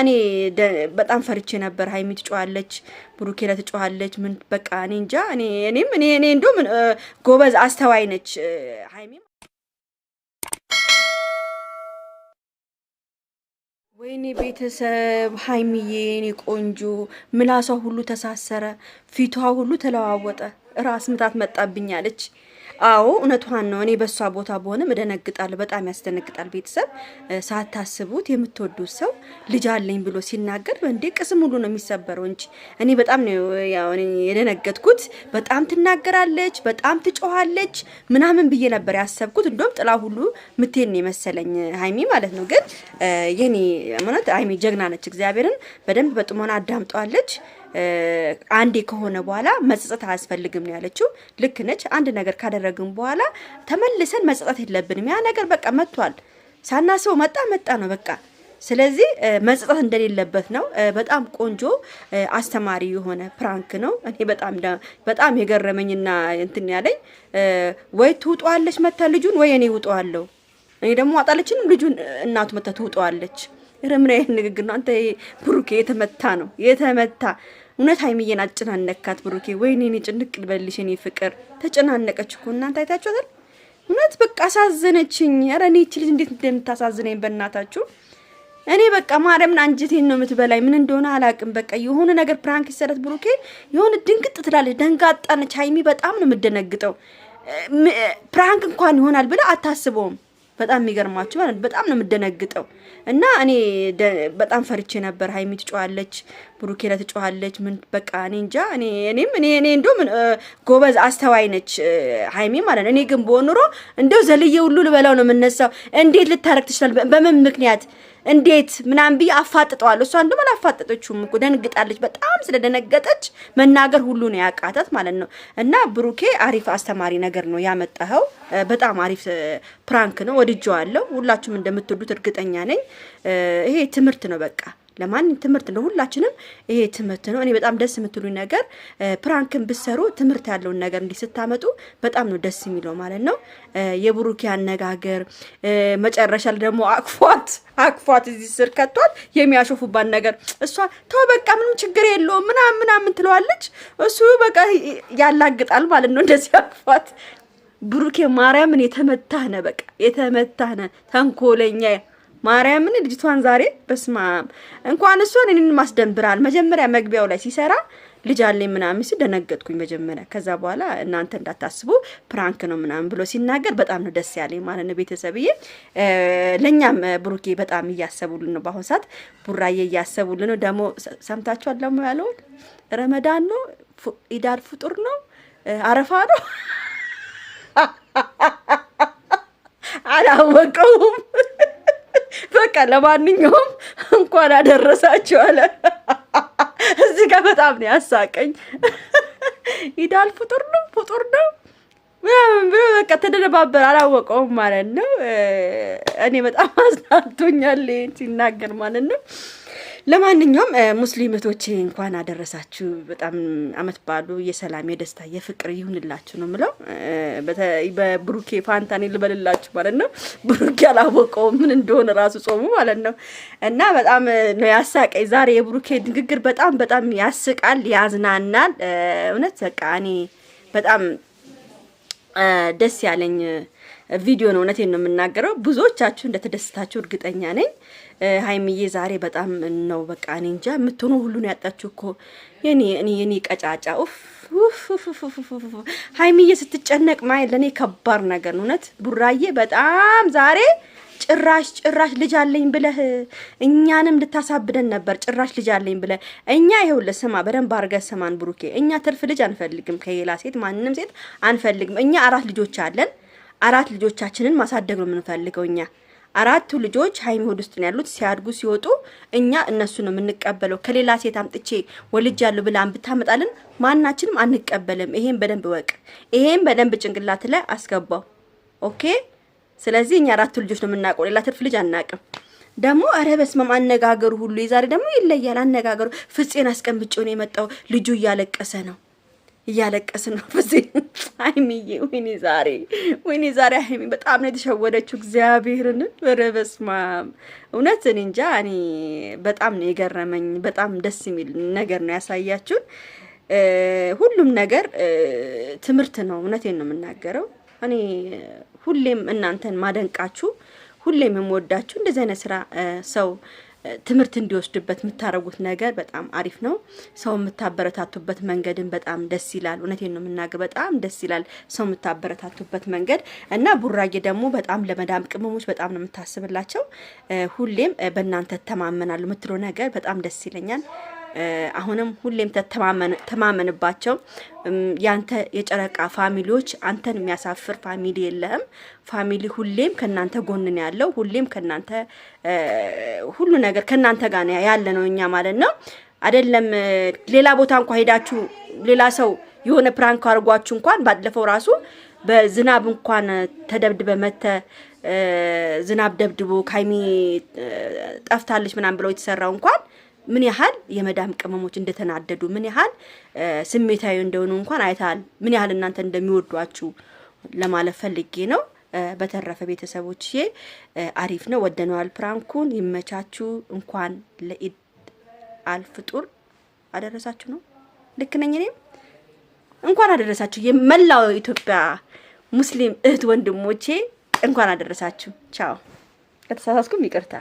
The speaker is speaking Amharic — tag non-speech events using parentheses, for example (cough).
እኔ በጣም ፈርቼ ነበር። ሀይሚ ትጮኋለች፣ ብሩኬላ ትጮኋለች። ምን በቃ እኔ እንጃ። እኔ እኔም እኔ እኔ እንደውም ጎበዝ አስተዋይ ነች ሀይሚ። ወይኔ ቤተሰብ ሀይሚዬ፣ እኔ ቆንጆ ምላሷ ሁሉ ተሳሰረ፣ ፊቷ ሁሉ ተለዋወጠ፣ ራስ ምታት መጣብኛለች። አዎ እውነቷን ነው። እኔ በእሷ ቦታ በሆንም እደነግጣል፣ በጣም ያስደነግጣል። ቤተሰብ ሳታስቡት የምትወዱት ሰው ልጅ አለኝ ብሎ ሲናገር እንዴ ቅስም ሁሉ ነው የሚሰበረው እንጂ እኔ በጣም ነው የደነገጥኩት። በጣም ትናገራለች፣ በጣም ትጮኋለች ምናምን ብዬ ነበር ያሰብኩት። እንዲሁም ጥላ ሁሉ ምቴን የመሰለኝ ሀይሚ ማለት ነው። ግን የኔ ማለት ሀይሚ ጀግና ነች። እግዚአብሔርን በደንብ በጥሞና አዳምጠዋለች። አንዴ ከሆነ በኋላ መጸጸት አያስፈልግም ነው ያለችው። ልክ ነች። አንድ ነገር ካደረግን በኋላ ተመልሰን መጸጸት የለብንም። ያ ነገር በቃ መጥቷል። ሳናስበው መጣ መጣ ነው በቃ ስለዚህ መጸጸት እንደሌለበት ነው። በጣም ቆንጆ አስተማሪ የሆነ ፕራንክ ነው። እኔ በጣም በጣም የገረመኝና እንትን ያለኝ ወይ ትውጠዋለች መታ ልጁን ወይ እኔ ውጠዋለሁ። እኔ ደግሞ አጣለችንም ልጁን እናቱ መታ ትውጠዋለች። ኧረ ምን አይነት ንግግር ነው አንተ! ብሩኬ የተመታ ነው የተመታ። እውነት ሀይሚዬን አጨናነካት ብሩኬ። ወይኔ እኔ ጭንቅ ልበልሽ እኔ ፍቅር ተጨናነቀች እኮ እናንተ አይታችኋታል። እውነት በቃ አሳዘነችኝ። ኧረ እኔ ይቺ ልጅ እንዴት እንደምታሳዝነኝ በእናታችሁ። እኔ በቃ ማርያምን አንጀቴን ነው የምትበላኝ። ምን እንደሆነ አላውቅም። በቃ የሆነ ነገር ፕራንክ ይሰረት ብሩኬ የሆነ ድንግጥ ትላለች፣ ደንጋጣ ነች ሀይሚ። በጣም ነው የምደነግጠው። ፕራንክ እንኳን ይሆናል ብለ አታስበውም። በጣም የሚገርማችሁ ማለት በጣም ነው የምደነግጠው። እና እኔ በጣም ፈርቼ ነበር። ሀይሚ ትጮኋለች፣ ብሩኬላ ትጮኋለች። ምን በቃ እኔ እንጃ። እኔ እኔም እኔ እኔ እንደውም ጎበዝ አስተዋይ ነች ሀይሚ ማለት ነው። እኔ ግን በሆን ኑሮ እንደው ዘልዬ ሁሉ ልበላው ነው የምነሳው። እንዴት ልታረግ ትችላል? በምን ምክንያት እንዴት ምናምን ብዬ አፋጥጠዋለሁ። እሷ እንደውም አላፋጠጠችውም እኮ ደንግጣለች። በጣም ስለደነገጠች መናገር ሁሉ ነው ያቃታት ማለት ነው። እና ብሩኬ አሪፍ አስተማሪ ነገር ነው ያመጣኸው። በጣም አሪፍ ፕራንክ ነው፣ ወድጀዋለሁ። ሁላችሁም እንደምትወዱት እርግጠኛ ነኝ። ይሄ ትምህርት ነው በቃ ለማን ትምህርት ለሁላችንም ይሄ ትምህርት ነው። እኔ በጣም ደስ የምትሉኝ ነገር ፕራንክን ብሰሩ ትምህርት ያለውን ነገር እንዲህ ስታመጡ በጣም ነው ደስ የሚለው ማለት ነው። የብሩኪ አነጋገር መጨረሻ ደግሞ አቅፏት አቅፏት እዚህ ስር ከቷት የሚያሾፉባት ነገር እሷ ተው በቃ ምንም ችግር የለውም ምናምን ምናምን ትለዋለች። እሱ በቃ ያላግጣል ማለት ነው እንደዚህ አቅፏት ብሩኬ ማርያምን የተመታነ በቃ የተመታነ ተንኮለኛ ማርያምን ልጅቷን ዛሬ በስማ እንኳን እሷን እኔን ማስደንብራል። መጀመሪያ መግቢያው ላይ ሲሰራ ልጅ አለኝ ምናምን ሲል ደነገጥኩኝ መጀመሪያ። ከዛ በኋላ እናንተ እንዳታስቡ ፕራንክ ነው ምናምን ብሎ ሲናገር በጣም ነው ደስ ያለኝ ማለት ነው። ቤተሰብዬ፣ ለእኛም ብሩኬ በጣም እያሰቡልን ነው። በአሁን ሰዓት ቡራዬ እያሰቡልን ነው። ደግሞ ሰምታችኋል ደግሞ ያለውን ረመዳን ነው፣ ኢዳል ፍጡር ነው፣ አረፋ ነው (laughs) አላወቀውም በቃ ለማንኛውም እንኳን አደረሳችሁ አለ። እዚህ ጋር በጣም ነው ያሳቀኝ። ኢዳል ፍጡር ነው ፍጡር ነው ምናምን ብሎ በቃ ተደነባበር፣ አላወቀውም ማለት ነው። እኔ በጣም አዝናቶኛል ይሄን ሲናገር ማለት ነው። ለማንኛውም ሙስሊም እንኳን አደረሳችሁ። በጣም አመት በዓሉ የሰላም የደስታ የፍቅር ይሁንላችሁ ነው ምለው። በብሩኬ ፋንታን ልበልላችሁ ማለት ነው። ብሩኬ አላወቀው ምን እንደሆነ ራሱ ጾሙ ማለት ነው። እና በጣም ነው ያሳቀኝ ዛሬ የብሩኬ ንግግር። በጣም በጣም ያስቃል፣ ያዝናናል። እውነት በቃ እኔ በጣም ደስ ያለኝ ቪዲዮ ነው። እውነቴን ነው የምናገረው። ብዙዎቻችሁ እንደተደስታችሁ እርግጠኛ ነኝ። ሀይሚዬ ዛሬ በጣም ነው በቃ እኔ እንጃ የምትሆኑ ሁሉን ያጣችሁ እኮ የኔ ቀጫጫ ሀይሚዬ ስትጨነቅ ማየት ለእኔ ከባድ ነገር ነው። እውነት ቡራዬ በጣም ዛሬ ጭራሽ ጭራሽ ልጅ አለኝ ብለህ እኛንም ልታሳብደን ነበር። ጭራሽ ልጅ አለኝ ብለህ እኛ ይኸውልህ፣ ስማ በደንብ አድርገህ ስማን ብሩኬ፣ እኛ ትርፍ ልጅ አንፈልግም። ከሌላ ሴት ማንም ሴት አንፈልግም። እኛ አራት ልጆች አለን አራት ልጆቻችንን ማሳደግ ነው የምንፈልገው እኛ አራቱ ልጆች ሀይሚ ሆድ ውስጥ ነው ያሉት። ሲያድጉ ሲወጡ እኛ እነሱ ነው የምንቀበለው። ከሌላ ሴት አምጥቼ ወልጃለሁ ብላን ብታመጣልን ማናችንም አንቀበልም። ይሄን በደንብ ወቅ፣ ይሄን በደንብ ጭንቅላት ላይ አስገባው። ኦኬ። ስለዚህ እኛ አራቱ ልጆች ነው የምናውቀው፣ ሌላ ትርፍ ልጅ አናውቅም። ደግሞ ኧረ በስመ አብ አነጋገሩ ሁሉ የዛሬ ደግሞ ይለያል አነጋገሩ። ፍፄን አስቀምጬው ነው የመጣው ልጁ እያለቀሰ ነው እያለቀስን ነው። በዚህ ሀይሚዬ ወይኔ ዛሬ ወይኔ ዛሬ ሀይሚ በጣም ነው የተሸወደችው። እግዚአብሔርን ኧረ እውነት እኔ እንጃ እኔ በጣም ነው የገረመኝ። በጣም ደስ የሚል ነገር ነው ያሳያችሁን። ሁሉም ነገር ትምህርት ነው። እውነቴን ነው የምናገረው። እኔ ሁሌም እናንተን ማደንቃችሁ፣ ሁሌም የምወዳችሁ እንደዚህ አይነት ስራ ሰው ትምህርት እንዲወስድበት የምታደርጉት ነገር በጣም አሪፍ ነው። ሰው የምታበረታቱበት መንገድን በጣም ደስ ይላል። እውነቴን ነው የምናገር፣ በጣም ደስ ይላል ሰው የምታበረታቱበት መንገድ እና ቡራጌ ደግሞ በጣም ለመዳም ቅመሞች በጣም ነው የምታስብላቸው። ሁሌም በእናንተ ተማመናሉ የምትለው ነገር በጣም ደስ ይለኛል። አሁንም ሁሌም ተማመንባቸው። ያንተ የጨረቃ ፋሚሊዎች አንተን የሚያሳፍር ፋሚሊ የለህም። ፋሚሊ ሁሌም ከናንተ ጎንን ያለው። ሁሌም ከእናንተ ሁሉ ነገር ከናንተ ጋር ያለ ነው እኛ ማለት ነው። አይደለም ሌላ ቦታ እንኳ ሄዳችሁ ሌላ ሰው የሆነ ፕራንክ አድርጓችሁ እንኳን ባለፈው ራሱ በዝናብ እንኳን ተደብድበ መተ ዝናብ ደብድቦ ካይሚ ጠፍታለች ምናምን ብለው የተሰራው እንኳን ምን ያህል የመዳም ቅመሞች እንደተናደዱ ምን ያህል ስሜታዊ እንደሆኑ እንኳን አይታል። ምን ያህል እናንተ እንደሚወዷችሁ ለማለፍ ፈልጌ ነው። በተረፈ ቤተሰቦች አሪፍ ነው፣ ወደነዋል። ፕራንኩን ይመቻችሁ። እንኳን ለኢድ አልፍጡር አደረሳችሁ ነው። ልክ ነኝ እኔም እንኳን አደረሳችሁ። የመላው ኢትዮጵያ ሙስሊም እህት ወንድሞቼ እንኳን አደረሳችሁ። ቻው፣ ከተሳሳስኩም ይቅርታ።